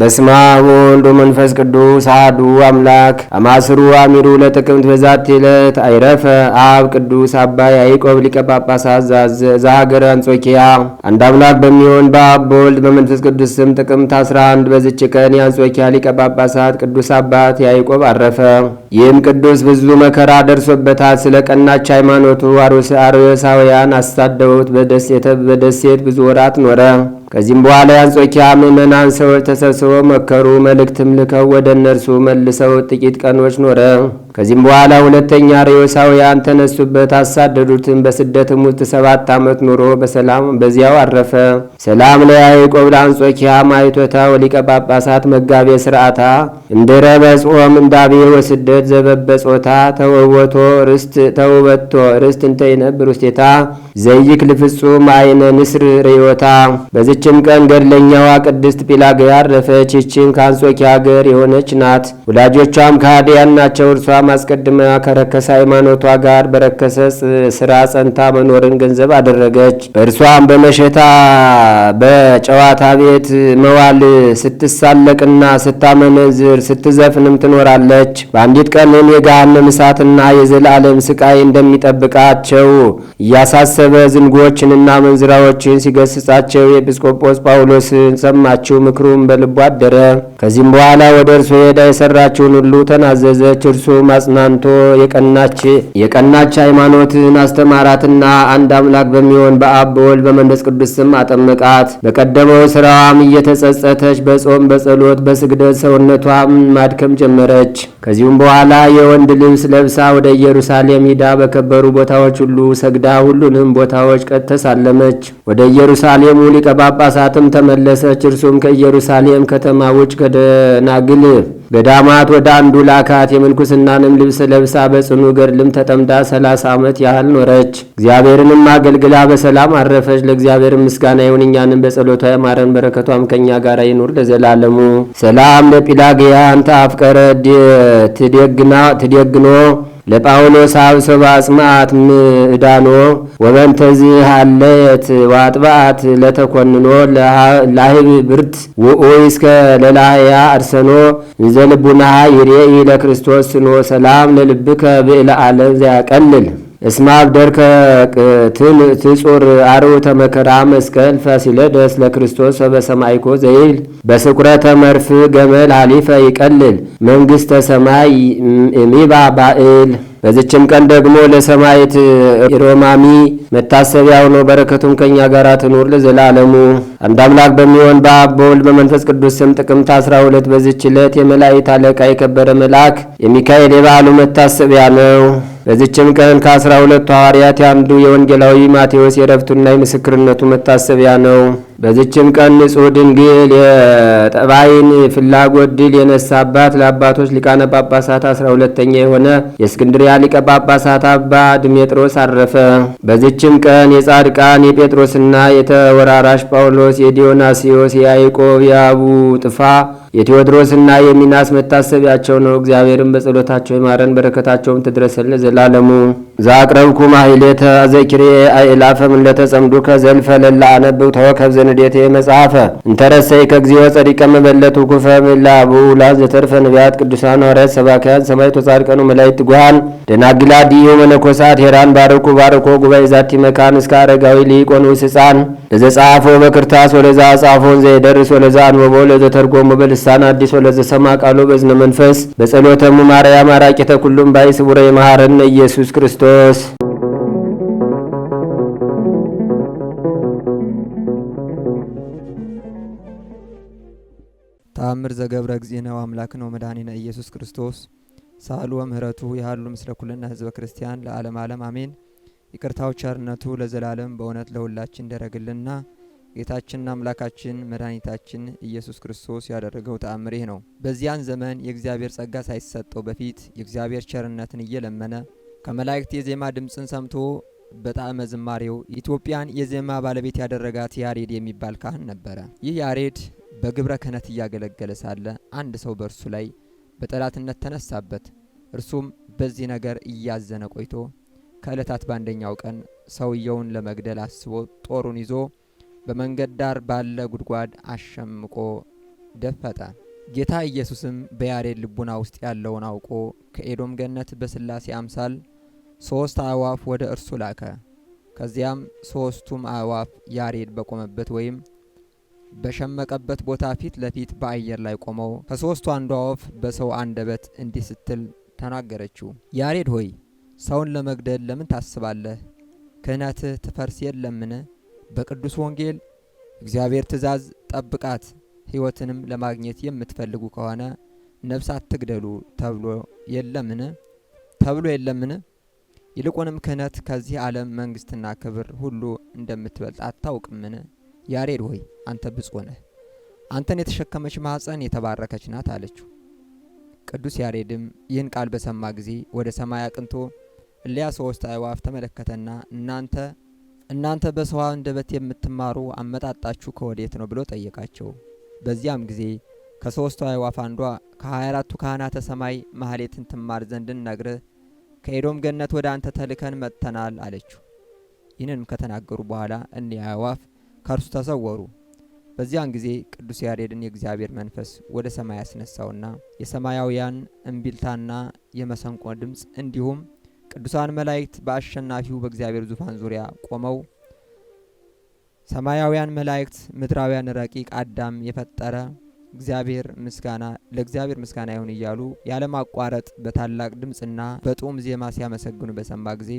በስማ ወወልድ ወመንፈስ ቅዱስ አሐዱ አምላክ አማስሩ አሚሩ ለጥቅምት በዛቲ ዕለት አይረፈ አብ ቅዱስ አባ ያዕቆብ ሊቀ ጳጳሳት ዘሀገረ አንጾኪያ። አንድ አምላክ በሚሆን በአብ በወልድ በመንፈስ ቅዱስ ስም ጥቅምት 11 በዝች ቀን የአንጾኪያ ሊቀ ጳጳሳት ቅዱስ አባት ያዕቆብ አረፈ። ይህም ቅዱስ ብዙ መከራ ደርሶበታል። ስለ ቀናች ሃይማኖቱ አርዮሳውያን አሳደውት፣ በደሴት ብዙ ወራት ኖረ። ከዚህም በኋላ የአንጾኪያ ምእመናን ሰዎች ተሰብስበው መከሩ። መልእክትም ልከው ወደ እነርሱ መልሰው ጥቂት ቀኖች ኖረ። ከዚህም በኋላ ሁለተኛ ርዮሳውያን ተነሱበት፣ አሳደዱትም። በስደትም ውስጥ ሰባት ዓመት ኑሮ በሰላም በዚያው አረፈ። ሰላም ለያዕቆብ ለአንጾኪያ ማይቶታ ወሊቀ ጳጳሳት መጋቤ ስርዓታ እንድረ በጾም እንዳቤ ወስደት ዘበበጾታ ተወወቶ ርስት ተውበቶ ርስት እንተይነብር ውስቴታ ዘይክ ልፍጹም አይነ ንስር ርዮታ። በዝችም ቀን ገድለኛዋ ቅድስት ጲላግያ ያረፈች ይችን ከአንጾኪያ ሀገር የሆነች ናት። ወላጆቿም ከሃዲያን ናቸው። እርሷ እርሷም አስቀድማ ከረከሰ ሃይማኖቷ ጋር በረከሰ ስራ ጸንታ መኖርን ገንዘብ አደረገች። እርሷም በመሸታ በጨዋታ ቤት መዋል ስትሳለቅና ስታመነዝር ስትዘፍንም ትኖራለች። በአንዲት ቀንም የገሃነም እሳትና የዘላለም ስቃይ እንደሚጠብቃቸው እያሳሰበ ዝንጎችንና መንዝራዎችን ሲገስጻቸው የኤጲስቆጶስ ጳውሎስን ሰማችው። ምክሩም በልቧ አደረ። ከዚህም በኋላ ወደ እርሶ ሄዳ የሰራችውን ሁሉ ተናዘዘች። እርሱም አጽናንቶ የቀናች የቀናች ሃይማኖትን አስተማራትና አንድ አምላክ በሚሆን በአብ በወልድ በመንፈስ ቅዱስ ስም አጠመቃት። በቀደመው ስራዋም እየተጸጸተች በጾም በጸሎት በስግደት ሰውነቷም ማድከም ጀመረች። ከዚሁም በኋላ የወንድ ልብስ ለብሳ ወደ ኢየሩሳሌም ሂዳ በከበሩ ቦታዎች ሁሉ ሰግዳ ሁሉንም ቦታዎች ቀተሳለመች። ወደ ኢየሩሳሌሙ ሊቀ ጳጳሳትም ተመለሰች። እርሱም ከኢየሩሳሌም ከተማ ውጭ ከደናግል ገዳማት ወደ አንዱ ላካት። የምንኩስናንም ልብስ ለብሳ በጽኑ ገድልም ተጠምዳ ሰላሳ ዓመት ያህል ኖረች። እግዚአብሔርንም አገልግላ በሰላም አረፈች። ለእግዚአብሔር ምስጋና ይሁን፣ እኛንም በጸሎቷ የማረን፣ በረከቷም ከእኛ ጋር ይኑር ለዘላለሙ። ሰላም ለጲላግያ አንተ አፍቀረ ትደግኖ ለጳውሎስ አብ ሰብአ ጽምዓት ምዕዳኖ ወበንተዚ አለየት ዋጥባት ለተኮንኖ ላህብ ብርት ውኡ እስከ ለላህያ አርሰኖ ዘልቡናሃ ይርኢ ለክርስቶስ ስኖ ሰላም ለልብከ ብእለ ዓለም ዘያቀልል እስመ አብደርከ ትጹር አርዑተ መከራም መስቀል ፋሲለደስ ለክርስቶስ በሰማይኮ ዘይል በስኩረተ መርፍ ገመል ሀሊፈ ይቀልል መንግሥተ ሰማይ ሚባ ባእል። በዚችም ቀን ደግሞ ለሰማዕት ሮማሚ መታሰቢያ ሆኖ በረከቱም ከእኛ ጋር ትኑር ለዘላለሙ። አንድ አምላክ በሚሆን በአብ በወልድ በመንፈስ ቅዱስ ስም ጥቅምት 12 በዚች ዕለት የመላእክት አለቃ የከበረ መልአክ የሚካኤል የበዓሉ መታሰቢያ ነው። በዚችም ቀን ከአስራ ሁለቱ ሐዋርያት አንዱ የወንጌላዊ ማቴዎስ የረፍቱና የምስክርነቱ መታሰቢያ ነው። በዝችም ቀን ንጹሕ ድንግል የጠባይን ፍላጎት ድል የነሳባት ለአባቶች ሊቃነ ጳጳሳት አስራ ሁለተኛ የሆነ የእስክንድሪያ ሊቀ ጳጳሳት አባ ድሜጥሮስ አረፈ። በዝችም ቀን የጻድቃን የጴጥሮስና የተወራራሽ ጳውሎስ፣ የዲዮናስዮስ፣ የያይቆብ የአቡ ጥፋ የቴዎድሮስና የሚናስ መታሰቢያቸው ነው። እግዚአብሔርም በጸሎታቸው ይማረን፣ በረከታቸውም ትድረሰልን ዘላለሙ ዛቅረብኩ ማይሌተ ዘኪሬ አእላፈ ምለተጸምዱከ ዘልፈ ለላ አነብብ ተወከብ ዘንዴቴ መጽሐፈ እንተረሰይ ከእግዚኦ ጸዲቀ መበለት ኩፈ ላቡ ላዝ ዘተርፈ ነቢያት ቅዱሳን ሐዋርያት ሰባክያን ሰማዕት ወጻድቃኑ መላእክት ጉሃን ደናግላዲሁ መነኮሳት ሄራን ባረኩ ባርኮ ጉባኤ ዛቲ መካን እስከ አረጋዊ ሊቆን ውስ ሕፃን ለዘጻፎ በክርታስ ወለዛ ጻፎን ዘይደርስ ወለዛ አንበቦ ለዘተርጎሞ በልሳን አዲስ ወለዘሰማ ቃሎ በዝነ መንፈስ በጸሎተሙ ማርያም አራቂተ ኩሉም ባይ ስቡረ የመሐረነ ኢየሱስ ክርስቶስ ቅዱስ ተአምር ዘገብረ እግዚእነ ወአምላክነ ወመድኃኒነ ኢየሱስ ክርስቶስ ሳሉ ወምህረቱ ያህሉ ምስለ ኩልነ ህዝበ ክርስቲያን ለዓለም ዓለም አሜን። ይቅርታው ቸርነቱ ለዘላለም በእውነት ለሁላችን ደረግልና ጌታችንና አምላካችን መድኃኒታችን ኢየሱስ ክርስቶስ ያደረገው ተአምር ይህ ነው። በዚያን ዘመን የእግዚአብሔር ጸጋ ሳይሰጠው በፊት የእግዚአብሔር ቸርነትን እየለመነ ከመላእክት የዜማ ድምፅን ሰምቶ በጣዕመ ዝማሬው ኢትዮጵያን የዜማ ባለቤት ያደረጋት ያሬድ የሚባል ካህን ነበረ። ይህ ያሬድ በግብረ ክህነት እያገለገለ ሳለ አንድ ሰው በእርሱ ላይ በጠላትነት ተነሳበት። እርሱም በዚህ ነገር እያዘነ ቆይቶ ከዕለታት በአንደኛው ቀን ሰውየውን ለመግደል አስቦ ጦሩን ይዞ በመንገድ ዳር ባለ ጉድጓድ አሸምቆ ደፈጠ። ጌታ ኢየሱስም በያሬድ ልቡና ውስጥ ያለውን አውቆ ከኤዶም ገነት በስላሴ አምሳል ሦስት አእዋፍ ወደ እርሱ ላከ። ከዚያም ሦስቱም አእዋፍ ያሬድ በቆመበት ወይም በሸመቀበት ቦታ ፊት ለፊት በአየር ላይ ቆመው ከሦስቱ አንዷ ወፍ በሰው አንደበት እንዲህ ስትል ተናገረችው። ያሬድ ሆይ ሰውን ለመግደል ለምን ታስባለህ? ክህነትህ ትፈርስ የለምን? በቅዱስ ወንጌል እግዚአብሔር ትእዛዝ ጠብቃት፣ ሕይወትንም ለማግኘት የምትፈልጉ ከሆነ ነፍስ አትግደሉ ተብሎ የለምን? ተብሎ የለምን? ይልቁንም ክህነት ከዚህ ዓለም መንግስትና ክብር ሁሉ እንደምትበልጥ አታውቅምን? ያሬድ ሆይ አንተ ብፁ ነህ፣ አንተን የተሸከመች ማኅፀን የተባረከች ናት አለችው። ቅዱስ ያሬድም ይህን ቃል በሰማ ጊዜ ወደ ሰማይ አቅንቶ እሊያ ሦስት አዕዋፍ ተመለከተና እናንተ እናንተ በሰው አንደበት የምትማሩ አመጣጣችሁ ከወዴት ነው ብሎ ጠየቃቸው። በዚያም ጊዜ ከሦስቱ አእዋፍ አንዷ ከ24ቱ ካህናተ ሰማይ ማህሌትን ትማር ዘንድ ነግርህ ከኤዶም ገነት ወደ አንተ ተልከን መጥተናል አለችው። ይህንንም ከተናገሩ በኋላ እኒያ አዕዋፍ ከእርሱ ተሰወሩ። በዚያን ጊዜ ቅዱስ ያሬድን የእግዚአብሔር መንፈስ ወደ ሰማይ ያስነሳውና የሰማያውያን እምቢልታና የመሰንቆ ድምፅ እንዲሁም ቅዱሳን መላእክት በአሸናፊው በእግዚአብሔር ዙፋን ዙሪያ ቆመው ሰማያውያን መላእክት ምድራውያን ረቂቅ አዳም የፈጠረ እግዚአብሔር ምስጋና ለእግዚአብሔር ምስጋና ይሁን እያሉ ያለማቋረጥ በታላቅ ድምፅና በጡም ዜማ ሲያመሰግኑ በሰማ ጊዜ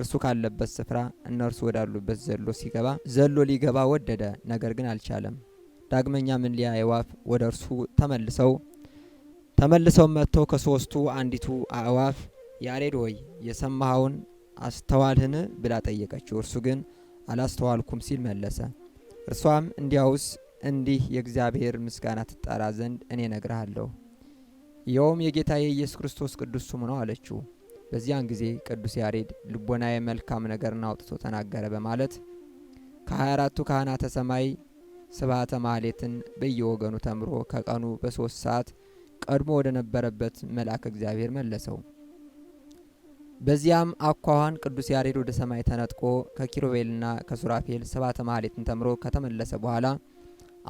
እርሱ ካለበት ስፍራ እነርሱ ወዳሉበት ዘሎ ሲገባ ዘሎ ሊገባ ወደደ፣ ነገር ግን አልቻለም። ዳግመኛ ምን ሊያ አእዋፍ ወደ እርሱ ተመልሰው ተመልሰው መጥተው ከሶስቱ አንዲቱ አእዋፍ ያሬድ ሆይ የሰማኸውን አስተዋልህን ብላ ጠየቀችው። እርሱ ግን አላስተዋልኩም ሲል መለሰ። እርሷም እንዲያውስ እንዲህ የእግዚአብሔር ምስጋና ትጣራ ዘንድ እኔ ነግርሃለሁ። ይኸውም የጌታ የኢየሱስ ክርስቶስ ቅዱስ ስሙ ነው አለችው። በዚያን ጊዜ ቅዱስ ያሬድ ልቦናዬ መልካም ነገርን አውጥቶ ተናገረ በማለት ከሀያ አራቱ ካህናተ ሰማይ ስብሐተ ማህሌትን በየወገኑ ተምሮ ከቀኑ በሶስት ሰዓት ቀድሞ ወደ ነበረበት መልአክ እግዚአብሔር መለሰው። በዚያም አኳኋን ቅዱስ ያሬድ ወደ ሰማይ ተነጥቆ ከኪሩቤልና ከሱራፌል ስብሐተ ማህሌትን ተምሮ ከተመለሰ በኋላ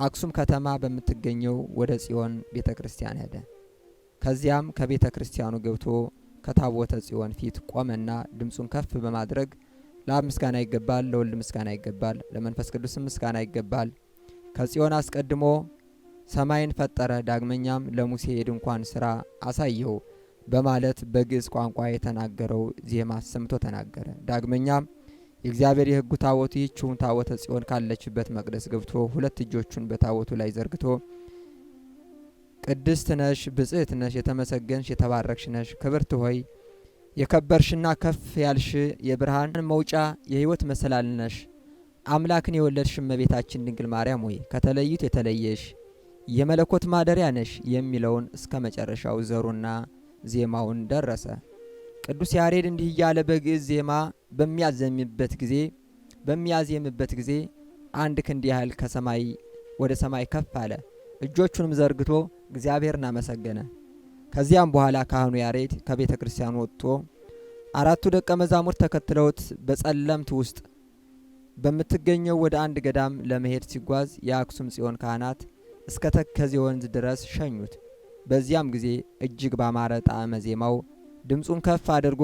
አክሱም ከተማ በምትገኘው ወደ ጽዮን ቤተ ክርስቲያን ሄደ። ከዚያም ከቤተ ክርስቲያኑ ገብቶ ከታቦተ ጽዮን ፊት ቆመና ድምፁን ከፍ በማድረግ ለአብ ምስጋና ይገባል፣ ለወልድ ምስጋና ይገባል፣ ለመንፈስ ቅዱስም ምስጋና ይገባል። ከጽዮን አስቀድሞ ሰማይን ፈጠረ፣ ዳግመኛም ለሙሴ የድንኳን ሥራ አሳየው በማለት በግዕዝ ቋንቋ የተናገረው ዜማ ሰምቶ ተናገረ። ዳግመኛም የእግዚአብሔር የሕጉ ታቦቱ ይህችውን ታቦተ ጽዮን ካለችበት መቅደስ ገብቶ ሁለት እጆቹን በታቦቱ ላይ ዘርግቶ ቅድስት ነሽ፣ ብጽህት ነሽ፣ የተመሰገንሽ የተባረክሽ ነሽ፣ ክብርት ሆይ የከበርሽና ከፍ ያልሽ የብርሃን መውጫ የሕይወት መሰላል ነሽ፣ አምላክን የወለድሽ እመቤታችን ድንግል ማርያም ሆይ ከተለዩት የተለየሽ የመለኮት ማደሪያ ነሽ የሚለውን እስከ መጨረሻው ዘሩና ዜማውን ደረሰ። ቅዱስ ያሬድ እንዲህ እያለ በግዕዝ ዜማ በሚያዘምበት ጊዜ በሚያዜምበት ጊዜ አንድ ክንድ ያህል ከሰማይ ወደ ሰማይ ከፍ አለ። እጆቹንም ዘርግቶ እግዚአብሔርን አመሰገነ። ከዚያም በኋላ ካህኑ ያሬድ ከቤተ ክርስቲያን ወጥቶ አራቱ ደቀ መዛሙርት ተከትለውት በጸለምት ውስጥ በምትገኘው ወደ አንድ ገዳም ለመሄድ ሲጓዝ የአክሱም ጽዮን ካህናት እስከ ተከዜ ወንዝ ድረስ ሸኙት። በዚያም ጊዜ እጅግ ባማረ ጣዕመ ዜማው ድምፁን ከፍ አድርጎ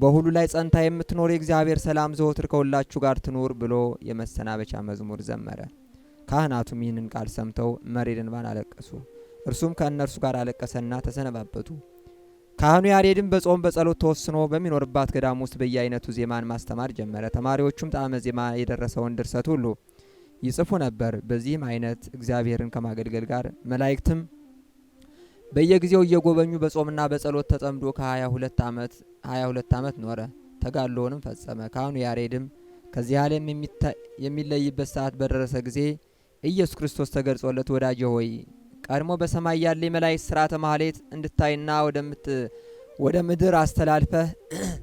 በሁሉ ላይ ጸንታ የምትኖር የእግዚአብሔር ሰላም ዘወትር ከሁላችሁ ጋር ትኑር ብሎ የመሰናበቻ መዝሙር ዘመረ። ካህናቱም ይህንን ቃል ሰምተው መሬድ እንባን አለቀሱ። እርሱም ከእነርሱ ጋር አለቀሰና ተሰነባበቱ። ካህኑ ያሬድን በጾም በጸሎት ተወስኖ በሚኖርባት ገዳም ውስጥ በየአይነቱ ዜማን ማስተማር ጀመረ። ተማሪዎቹም ጣዕመ ዜማ የደረሰውን ድርሰት ሁሉ ይጽፉ ነበር። በዚህም አይነት እግዚአብሔርን ከማገልገል ጋር መላእክትም በየጊዜው እየጎበኙ በጾምና በጸሎት ተጠምዶ ከ22 ዓመት 22 ዓመት ኖረ። ተጋድሎውንም ፈጸመ። ካህኑ ያሬድም ከዚህ ዓለም የሚለይበት ሰዓት በደረሰ ጊዜ ኢየሱስ ክርስቶስ ተገልጾለት ወዳጄ ሆይ ቀድሞ በሰማይ ያለ የመላእክት ሥርዓተ ማህሌት እንድታይና ወደ ምድር አስተላልፈህ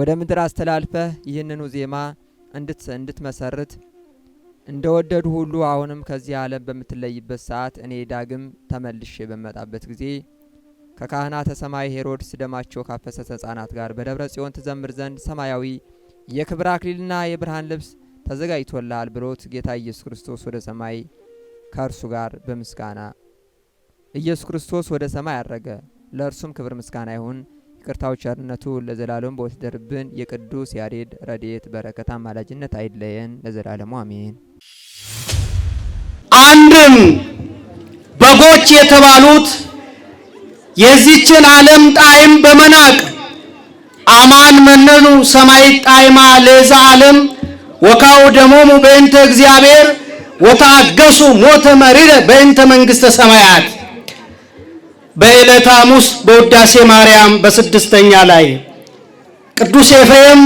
ወደ ምድር አስተላልፈህ ይህንኑ ዜማ እንድትመሰርት እንደ ወደዱ ሁሉ አሁንም ከዚህ ዓለም በምትለይበት ሰዓት እኔ ዳግም ተመልሼ በመጣበት ጊዜ ከካህናተ ሰማይ ሄሮድስ ደማቸው ካፈሰሰ ሕፃናት ጋር በደብረ ጽዮን ትዘምር ዘንድ ሰማያዊ የክብር አክሊልና የብርሃን ልብስ ተዘጋጅቶልሃል ብሎት ጌታ ኢየሱስ ክርስቶስ ወደ ሰማይ ከእርሱ ጋር በምስጋና ኢየሱስ ክርስቶስ ወደ ሰማይ አረገ። ለእርሱም ክብር ምስጋና ይሁን። ይቅርታው ቸርነቱ ለዘላለም በወትደርብን የቅዱስ ያሬድ ረድኤት በረከት አማላጅነት አይለየን ለዘላለሙ አሜን። አንድም በጎች የተባሉት የዚችን ዓለም ጣዕም በመናቅ አማን መነኑ ሰማይ ጣዕማ ለዛ ዓለም ወካው ደሞሙ በእንተ እግዚአብሔር ወታገሱ ሞተ መሪረ በእንተ መንግሥተ ሰማያት በዕለተ ሐሙስ በውዳሴ ማርያም በስድስተኛ ላይ ቅዱስ ኤፍሬም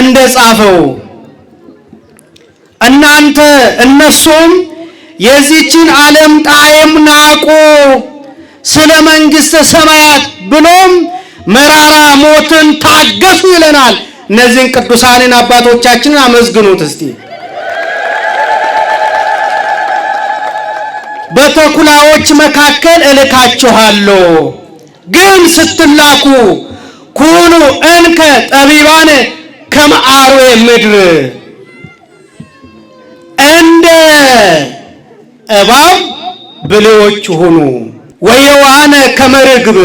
እንደ ጻፈው እናንተ እነሱም የዚችን ዓለም ጣዕም ናቁ፣ ስለ መንግሥተ ሰማያት ብሎም መራራ ሞትን ታገሱ ይለናል። እነዚህን ቅዱሳንን አባቶቻችንን አመዝግኑት እስቲ። በተኩላዎች መካከል እልካችኋለሁ። ግን ስትላኩ ኩኑ እንከ ጠቢባን ከመአርዌ ምድር እንደ እባብ ብልዎች ሁኑ። ወየዋነ ከመርግብ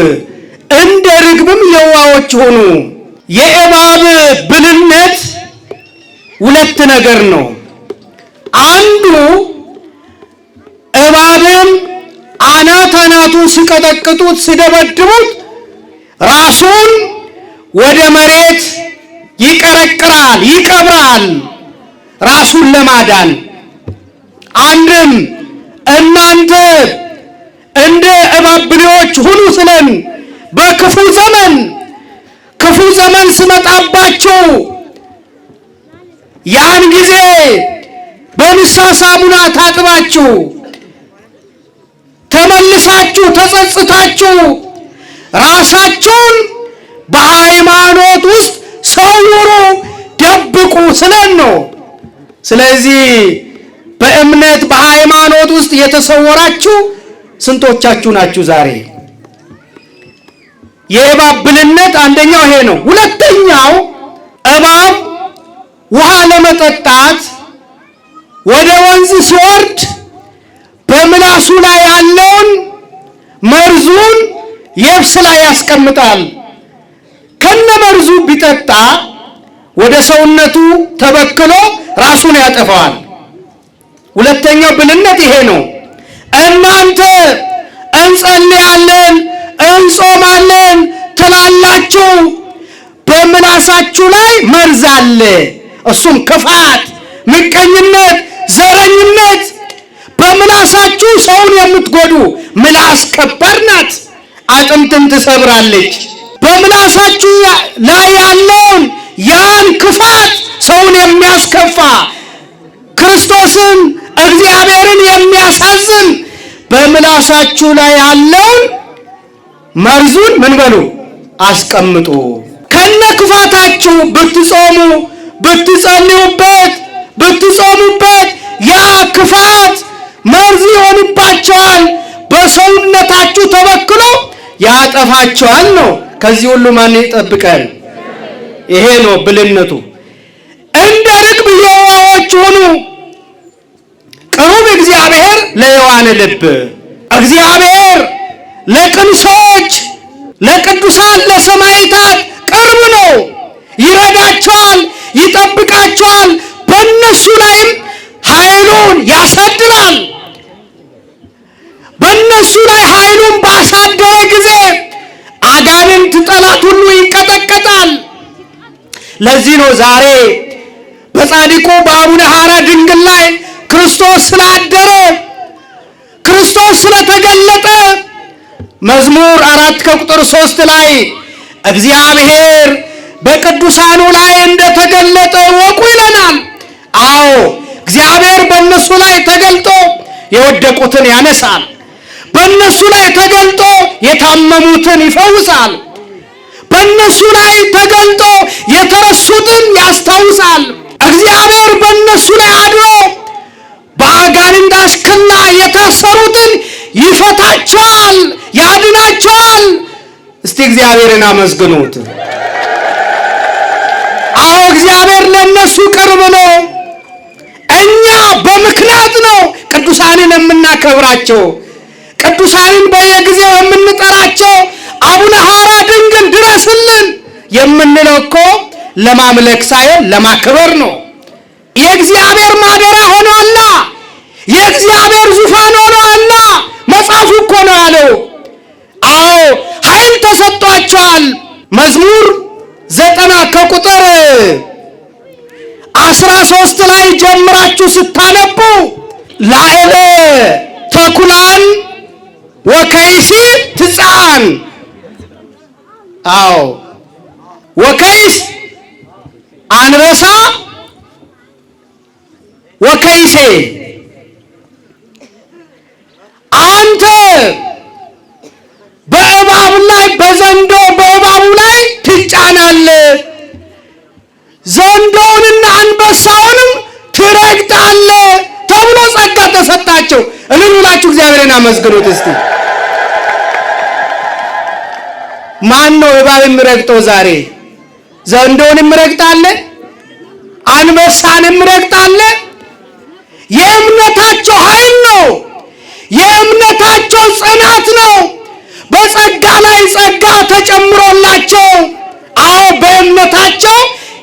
እንደ ርግብም የዋዎች ሁኑ። የእባብ ብልነት ሁለት ነገር ነው። አንዱ እባብም አናት አናቱን ሲቀጠቅጡት ሲደበድቡት ራሱን ወደ መሬት ይቀረቅራል፣ ይቀብራል ራሱን ለማዳን። አንድም እናንተ እንደ እባብ ብሌዎች ሁኑ ስለን በክፉ ዘመን ክፉ ዘመን ስመጣባችሁ ያን ጊዜ በንሳ ሳሙና ታጥባችሁ ተመልሳችሁ ተጸጽታችሁ ራሳችሁን በሃይማኖት ውስጥ ሰውሩ፣ ደብቁ ስለን ነው። ስለዚህ በእምነት በሃይማኖት ውስጥ የተሰወራችሁ ስንቶቻችሁ ናችሁ ዛሬ? የእባብ ብልነት አንደኛው ይሄ ነው። ሁለተኛው እባብ ውሃ ለመጠጣት ወደ ወንዝ ሲወርድ በምላሱ ላይ ያለውን መርዙን የብስ ላይ ያስቀምጣል። ከነ መርዙ ቢጠጣ ወደ ሰውነቱ ተበክሎ ራሱን ያጠፋዋል። ሁለተኛው ብልነት ይሄ ነው። እናንተ እንጸልያለን እንጾማለን ትላላችሁ፣ በምላሳችሁ ላይ መርዝ አለ። እሱም ክፋት፣ ምቀኝነት፣ ዘረኝነት በምላሳችሁ ሰውን የምትጎዱ ምላስ ከባድ ናት፣ አጥንትን ትሰብራለች። በምላሳችሁ ላይ ያለውን ያን ክፋት ሰውን የሚያስከፋ ክርስቶስን እግዚአብሔርን የሚያሳዝን በምላሳችሁ ላይ ያለውን መርዙን ምን በሉ አስቀምጡ። ከነ ክፋታችሁ ብትጾሙ ብትጸልዩበት ብትጾሙበት ያ ክፋት መርዝ ይሆንባቸዋል፣ በሰውነታችሁ ተበክሎ ያጠፋቸዋል ነው። ከዚህ ሁሉ ማን ይጠብቀን? ይሄ ነው ብልነቱ። እንደ ርግብ የዋሆች ሁኑ፣ ቅሩብ እግዚአብሔር ለየዋነ ልብ። እግዚአብሔር ለቅን ሰዎች፣ ለቅዱሳን፣ ለሰማይታት ቅርብ ነው። ይረዳቸዋል፣ ይጠብቃቸዋል፣ በእነሱ ላይም ኃይሉን ያሳድራል። በእነሱ ላይ ኃይሉን ባሳደረ ጊዜ አጋንንት፣ ጠላት ሁሉ ይቀጠቀጣል። ለዚህ ነው ዛሬ በጻድቁ በአቡነ ሐራ ድንግል ላይ ክርስቶስ ስላደረ ክርስቶስ ስለተገለጠ መዝሙር አራት ከቁጥር ሶስት ላይ እግዚአብሔር በቅዱሳኑ ላይ እንደተገለጠ ወቁ ይለናል። አዎ እግዚአብሔር በእነሱ ላይ ተገልጦ የወደቁትን ያነሳል። በእነሱ ላይ ተገልጦ የታመሙትን ይፈውሳል። በእነሱ ላይ ተገልጦ የተረሱትን ያስታውሳል። እግዚአብሔር በእነሱ ላይ አድሮ በአጋንንት አሽከላ የታሰሩትን ይፈታቸዋል፣ ያድናቸዋል። እስቲ እግዚአብሔርን አመስግኑት። አዎ እግዚአብሔር ለእነሱ ቅርብ ነው። እኛ በምክንያት ነው ቅዱሳንን የምናከብራቸው። ቅዱሳንን በየጊዜው የምንጠራቸው አቡነ ሐራ ድንግል ድረስልን የምንለው እኮ ለማምለክ ሳይሆን ለማክበር ነው። የእግዚአብሔር ማደሪያ ሆኗላ፣ የእግዚአብሔር ዙፋን ሆኗላ። መጽሐፉ እኮ ነው ያለው። አዎ ኃይል ተሰጥቷቸዋል። መዝሙር ዘጠና ከቁጥር አስራ ሶስት ላይ ጀምራችሁ ስታነቡ ላዕለ ተኩላን ወከይሲ ትፃን አዎ ወከይስ አንበሳ ወከይሴ አንተ በእባቡ ላይ በዘንዶ በእባቡ ላይ ትጫናለህ፣ ዘንዶውንና አንበሳውንም ትረግጣለህ ተብሎ ጸጋ ተሰጣቸው። እልል ብላችሁ እግዚአብሔርን አመስግኑት። እስቲ ማን ነው እባብ የሚረግጠው ዛሬ? ዘንዶን የሚረግጣለ፣ አንበሳን የሚረግጣለ። የእምነታቸው ኃይል ነው፣ የእምነታቸው ጽናት ነው። በጸጋ ላይ ጸጋ ተጨምሮላቸው፣ አዎ በእምነታቸው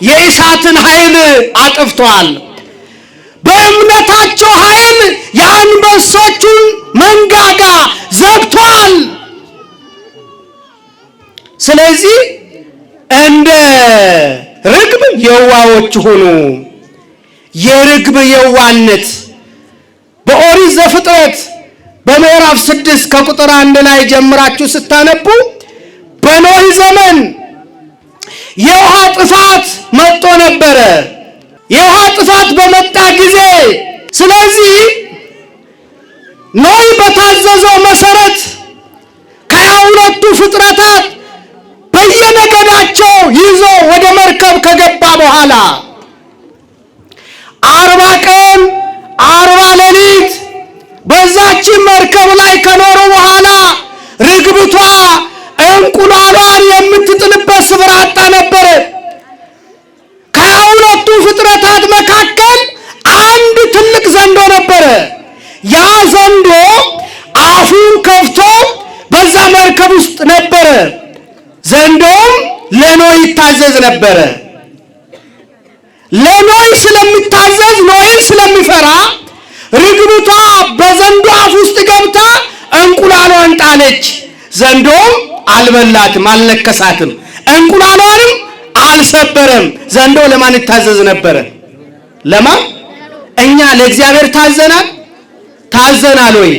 የእሳትን ኃይል አጥፍቷል። በእምነታቸው ኃይል የአንበሶቹን መንጋጋ ዘግቷል። ስለዚህ እንደ ርግብ የዋዎች ሆኑ። የርግብ የዋነት በኦሪት ዘፍጥረት በምዕራፍ ስድስት ከቁጥር አንድ ላይ ጀምራችሁ ስታነቡ በኖህ ዘመን የውሃ ጥፋት መጥቶ ነበረ። የውሃ ጥፋት በመጣ ጊዜ ስለዚህ ኖይ በታዘዘው መሰረት ከሀያ ሁለቱ ፍጥረታት በየነገዳቸው ይዞ ወደ መርከብ ከገባ በኋላ አርባ ቀን አርባ ሌሊት በዛችን መርከብ ላይ ከኖሩ በኋላ ርግብቷ እንቁላሏን የምትጥልበት ስፍራ አጣ ነበር። በእሳት መካከል አንድ ትልቅ ዘንዶ ነበረ። ያ ዘንዶ አፉን ከፍቶ በዛ መርከብ ውስጥ ነበረ። ዘንዶም ለኖይ ይታዘዝ ነበረ። ለኖይ ስለሚታዘዝ ኖህን ስለሚፈራ ርግብቷ በዘንዶ አፍ ውስጥ ገብታ እንቁላሏን ጣለች። ዘንዶም አልበላትም፣ አልነከሳትም፣ እንቁላሏንም አልሰበረም። ዘንዶ ለማን ይታዘዝ ነበረ? ለማ እኛ ለእግዚአብሔር ታዘናል። ታዘናል ወይ?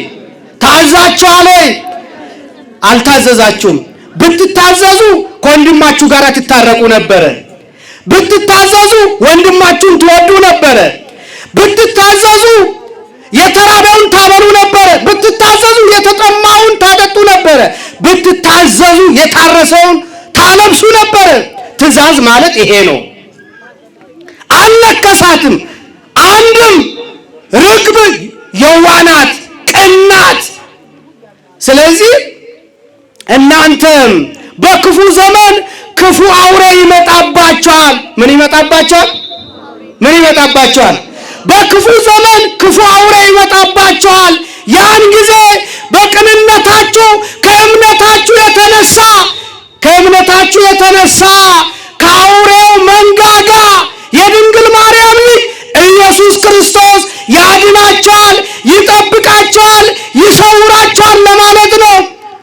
ታዛችኋል ወይ? አልታዘዛችሁም። ብትታዘዙ ከወንድማችሁ ጋር ትታረቁ ነበረ። ብትታዘዙ ወንድማችሁን ትወዱ ነበረ። ብትታዘዙ የተራበውን ታበሉ ነበረ። ብትታዘዙ የተጠማውን ታጠጡ ነበረ። ብትታዘዙ የታረሰውን ታለብሱ ነበረ። ትእዛዝ ማለት ይሄ ነው። አልነከሳትም። አንድም ርግብ የዋናት ቅናት። ስለዚህ እናንተም በክፉ ዘመን ክፉ አውሬ ይመጣባቸዋል። ምን ይመጣባቸዋል? ምን ይመጣባቸዋል? በክፉ ዘመን ክፉ አውሬ ይመጣባቸዋል። ያን ጊዜ በቅንነታችሁ ከእምነታችሁ የተነሳ ከእምነታችሁ የተነሳ ከአውሬው መንጋ ኢየሱስ ክርስቶስ ያድናቸዋል፣ ይጠብቃቸዋል፣ ይሰውራቸዋል ለማለት ነው።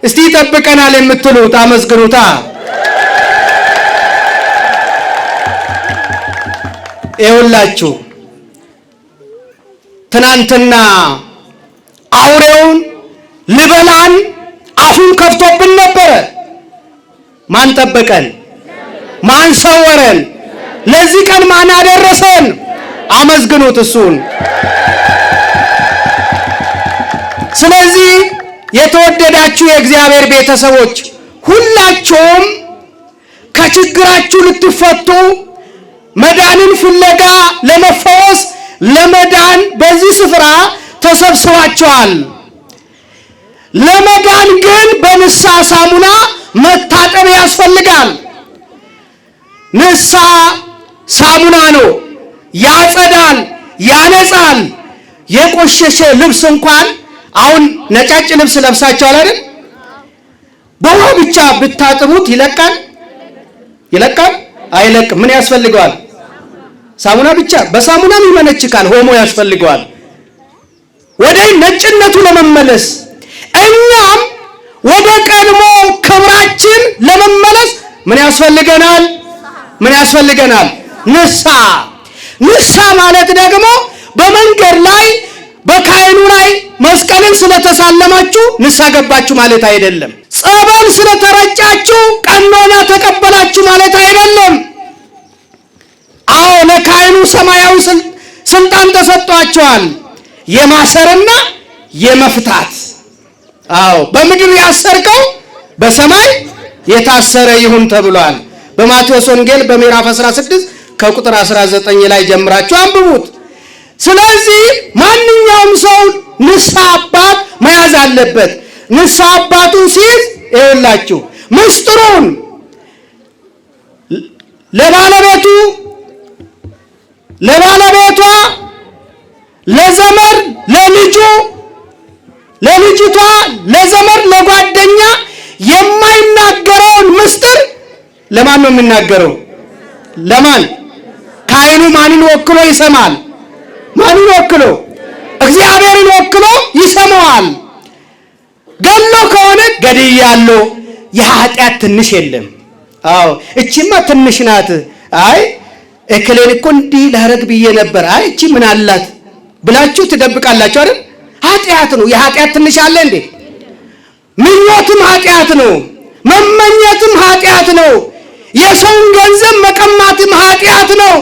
እስቲ ይጠብቀናል የምትሉት አመስግኑታ። ይኸውላችሁ ትናንትና አውሬውን ልበላን አፉን ከፍቶብን ነበረ። ማን ጠበቀን? ማን ሰወረን? ለዚህ ቀን ማን አደረሰን? አመስግኑት እሱን። ስለዚህ የተወደዳችሁ የእግዚአብሔር ቤተሰቦች ሁላችሁም ከችግራችሁ ልትፈቱ መዳንን ፍለጋ ለመፈወስ ለመዳን በዚህ ስፍራ ተሰብስባችኋል። ለመዳን ግን በንሳ ሳሙና መታጠብ ያስፈልጋል። ንሳ ሳሙና ነው። ያጸዳል፣ ያነጻል። የቆሸሸ ልብስ እንኳን አሁን ነጫጭ ልብስ ለብሳችኋል አይደል? በውሃ ብቻ ብታጥቡት ይለቃል? ይለቃል? አይለቅም። ምን ያስፈልገዋል? ሳሙና ብቻ። በሳሙናም ይመነችካል፣ ሆሞ ያስፈልገዋል። ወደ ነጭነቱ ለመመለስ እኛም ወደ ቀድሞ ክብራችን ለመመለስ ምን ያስፈልገናል? ምን ያስፈልገናል? ንስሐ ንሳ ማለት ደግሞ በመንገድ ላይ በካህኑ ላይ መስቀልን ስለተሳለማችሁ ንሳ ገባችሁ ማለት አይደለም። ጸበል ስለተረጫችሁ ቀኖና ተቀበላችሁ ማለት አይደለም። አዎ ለካህኑ ሰማያዊ ስልጣን ተሰጥቷቸዋል፣ የማሰርና የመፍታት። አዎ በምድር ያሰርከው በሰማይ የታሰረ ይሁን ተብሏል በማቴዎስ ወንጌል በምዕራፍ 16 ከቁጥር 19 ላይ ጀምራችሁ አንብቡት። ስለዚህ ማንኛውም ሰው ንስሐ አባት መያዝ አለበት። ንስሐ አባቱን ሲይዝ ይኸውላችሁ ምስጢሩን ለባለቤቱ ለባለቤቷ፣ ለዘመር ለልጁ፣ ለልጅቷ፣ ለዘመር ለጓደኛ የማይናገረውን ምስጢር ለማን ነው የሚናገረው? ለማን ቃሉ ማንን ወክሎ ይሰማል? ማንን ወክሎ? እግዚአብሔርን ወክሎ ይሰማዋል። ገሎ ከሆነ ገድያለሁ፣ የኃጢአት ትንሽ የለም። አዎ እቺማ ትንሽ ናት። አይ እክሌን እኮ እንዲህ ላረግ ብዬ ነበር። አይ እቺ ምን አላት ብላችሁ ትደብቃላችሁ አይደል? ኃጢአት ነው። የኃጢአት ትንሽ አለ እንዴ? ምኞትም ኃጢአት ነው። መመኘትም ኃጢአት ነው። የሰውን ገንዘብ መቀማትም ኃጢአት ነው።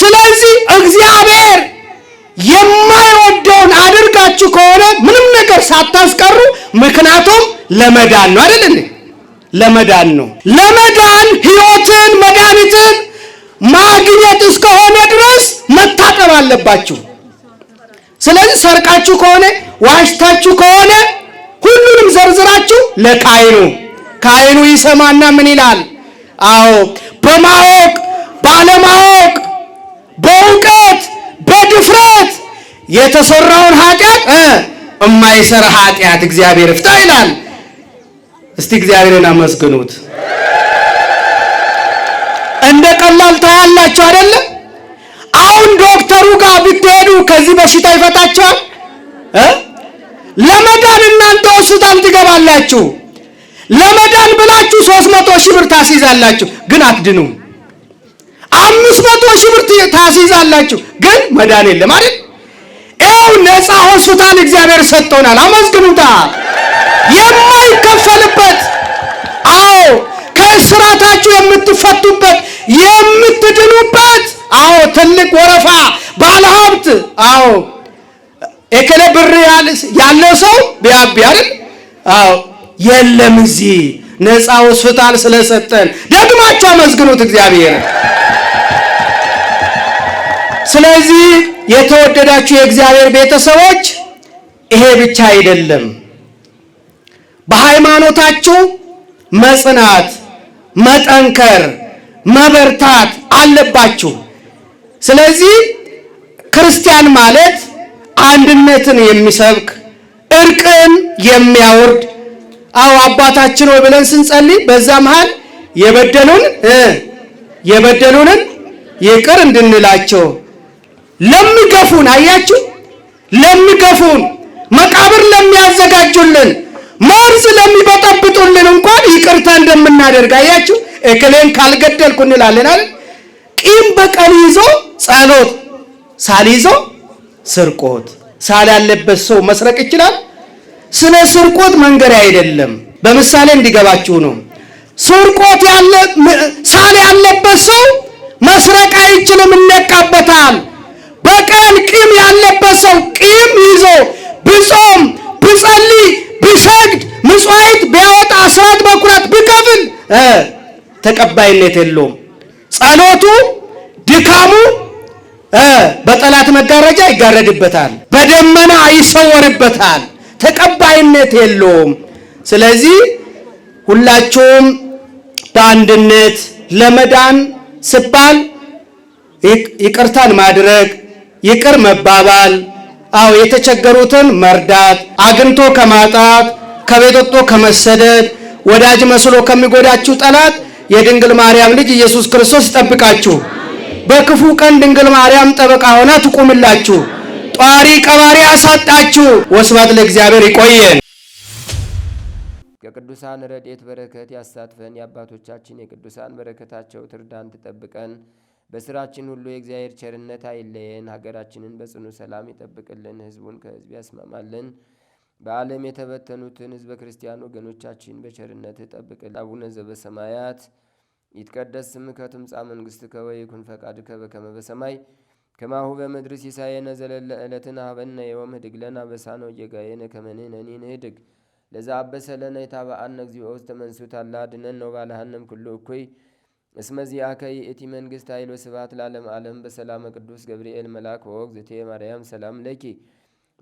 ስለዚህ እግዚአብሔር የማይወደውን አድርጋችሁ ከሆነ ምንም ነገር ሳታስቀሩ፣ ምክንያቱም ለመዳን ነው አይደል? ለመዳን ነው። ለመዳን ህይወትን መድኃኒትን ማግኘት እስከሆነ ድረስ መታጠብ አለባችሁ። ስለዚህ ሰርቃችሁ ከሆነ ዋሽታችሁ ከሆነ ሁሉንም ዘርዝራችሁ ለቃይኑ ካይኑ ይሰማና ምን ይላል? አዎ በማወቅ ባለማወቅ በእውቀት በድፍረት የተሰራውን ኃጢአት እማይሰራ ኃጢአት እግዚአብሔር ፍታ ይላል። እስቲ እግዚአብሔርን አመስግኑት። እንደ ቀላል ታያላችሁ አይደለ? አሁን ዶክተሩ ጋር ብትሄዱ ከዚህ በሽታ ይፈታቸዋል። ለመዳን እናንተ ሆስፒታል ትገባላችሁ። ለመዳን ብላችሁ ሶስት መቶ ሺህ ብር ታስይዛላችሁ፣ ግን አትድኑም። አምስት መቶ ሺህ ብር ታስይዛላችሁ፣ ግን መዳን የለም አይደል? ይኸው ነፃ ሆስፒታል እግዚአብሔር ሰጥቶናል። አመስግኑታ። የማይከፈልበት አዎ፣ ከእስራታችሁ የምትፈቱበት የምትድኑበት፣ አዎ፣ ትልቅ ወረፋ ባለሀብት፣ አዎ፣ እከለ ብር ያለው ሰው ቢያቢ አይደል? አዎ፣ የለም እዚህ ነፃ ሆስፒታል ስለሰጠን ደግማችሁ አመስግኑት እግዚአብሔር ስለዚህ የተወደዳችሁ የእግዚአብሔር ቤተሰቦች ይሄ ብቻ አይደለም። በሃይማኖታችሁ መጽናት፣ መጠንከር፣ መበርታት አለባችሁ። ስለዚህ ክርስቲያን ማለት አንድነትን የሚሰብክ እርቅን የሚያወርድ አው አባታችን ሆይ ብለን ስንጸልይ በዛ መሃል የበደሉን የበደሉንን ይቅር እንድንላቸው ለሚገፉን፣ አያችሁ፣ ለሚገፉን፣ መቃብር ለሚያዘጋጁልን፣ መርዝ ለሚበጠብጡልን እንኳን ይቅርታ እንደምናደርግ አያችሁ። እክሌን ካልገደልኩ እንላለን አይደል? ቂም በቀል ይዞ ጸሎት ሳልይዞ ስርቆት ሳል ያለበት ሰው መስረቅ ይችላል። ስለ ስርቆት መንገድ አይደለም፣ በምሳሌ እንዲገባችሁ ነው። ስርቆት ያለ ሳል ያለበት ሰው መስረቅ አይችልም፣ ይነቃበታል። በቀን ቂም ያለበት ሰው ቂም ይዞ ብጾም፣ ብጸልይ፣ ብሰግድ፣ ምጽዋይት ቢያወጣ፣ አስራት በኩራት ብከፍል ተቀባይነት የለውም። ጸሎቱ፣ ድካሙ በጠላት መጋረጃ ይጋረድበታል፣ በደመና ይሰወርበታል፣ ተቀባይነት የለውም። ስለዚህ ሁላችሁም በአንድነት ለመዳን ስባል ይቅርታን ማድረግ ይቅር መባባል፣ አዎ የተቸገሩትን መርዳት፣ አግኝቶ ከማጣት ከቤት ከመሰደድ ወዳጅ መስሎ ከሚጎዳችሁ ጠላት የድንግል ማርያም ልጅ ኢየሱስ ክርስቶስ ይጠብቃችሁ። በክፉ ቀን ድንግል ማርያም ጠበቃ ሆና ትቁምላችሁ። ጧሪ ቀባሪ አሳጣችሁ። ወስብሐት ለእግዚአብሔር። ይቆየን። የቅዱሳን ረድኤት በረከት ያሳትፈን። የአባቶቻችን የቅዱሳን በረከታቸው ትርዳን፣ ትጠብቀን። በስራችን ሁሉ የእግዚአብሔር ቸርነት አይለየን። ሀገራችንን በጽኑ ሰላም ይጠብቅልን፣ ህዝቡን ከህዝብ ያስማማልን። በዓለም የተበተኑትን ህዝበ ክርስቲያን ወገኖቻችን በቸርነት ይጠብቅልን። አቡነ ዘበሰማያት ይትቀደስ ስምከ ትምጻእ መንግሥትከ ወይኩን ፈቃድከ በከመ በሰማይ ከማሁ በምድር ሲሳየነ ዘለለ ዕለትን ሀበነ ዮም ህድግ ለነ አበሳነ ወጌጋየነ ከመ ንሕነኒ ንህድግ ለዘ አበሰ ለነ ኢታብአነ እግዚኦ ውስተ መንሱት አላ አድኅነነ ወባልሐነ እምኩሉ እኩይ እስመ ዚአከ ይእቲ መንግሥት ኃይል ወስብሐት ለዓለመ ዓለም በሰላመ ቅዱስ ገብርኤል መልአክ ወወግ ዘቴ ማርያም ሰላም ለኪ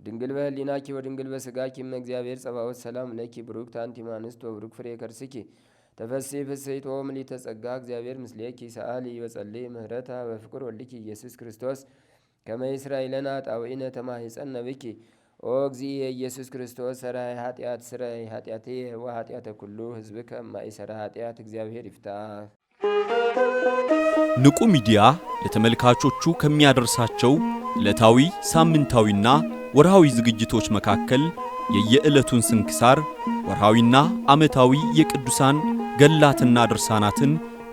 ድንግል በህሊናኪ ወድንግል በስጋኪ እመ እግዚአብሔር ጸባዖት ሰላም ለኪ ብሩክት አንቲ እምአንስት ወብሩክ ፍሬ ከርስኪ ተፈሥሒ ፍሥሕት ወምልዕተ ጸጋ እግዚአብሔር ምስሌኪ ሰአሊ ወጸልይ ምህረታ በፍቅር ወልኪ ኢየሱስ ክርስቶስ ከመ ይስራይ ለነ ኃጣውኢነ ተማሂፀነ ብኪ ኦ እግዚእ ኢየሱስ ክርስቶስ ሰራይ ኃጢአት ስራይ ኃጢአቴ ወኃጢአተ ኩሉ ህዝብ ሰራ ኃጢአት እግዚአብሔር ይፍታ። ንቁ ሚዲያ ለተመልካቾቹ ከሚያደርሳቸው ዕለታዊ ሳምንታዊና ወርሃዊ ዝግጅቶች መካከል የየዕለቱን ስንክሳር ወርሃዊና ዓመታዊ የቅዱሳን ገላትና ድርሳናትን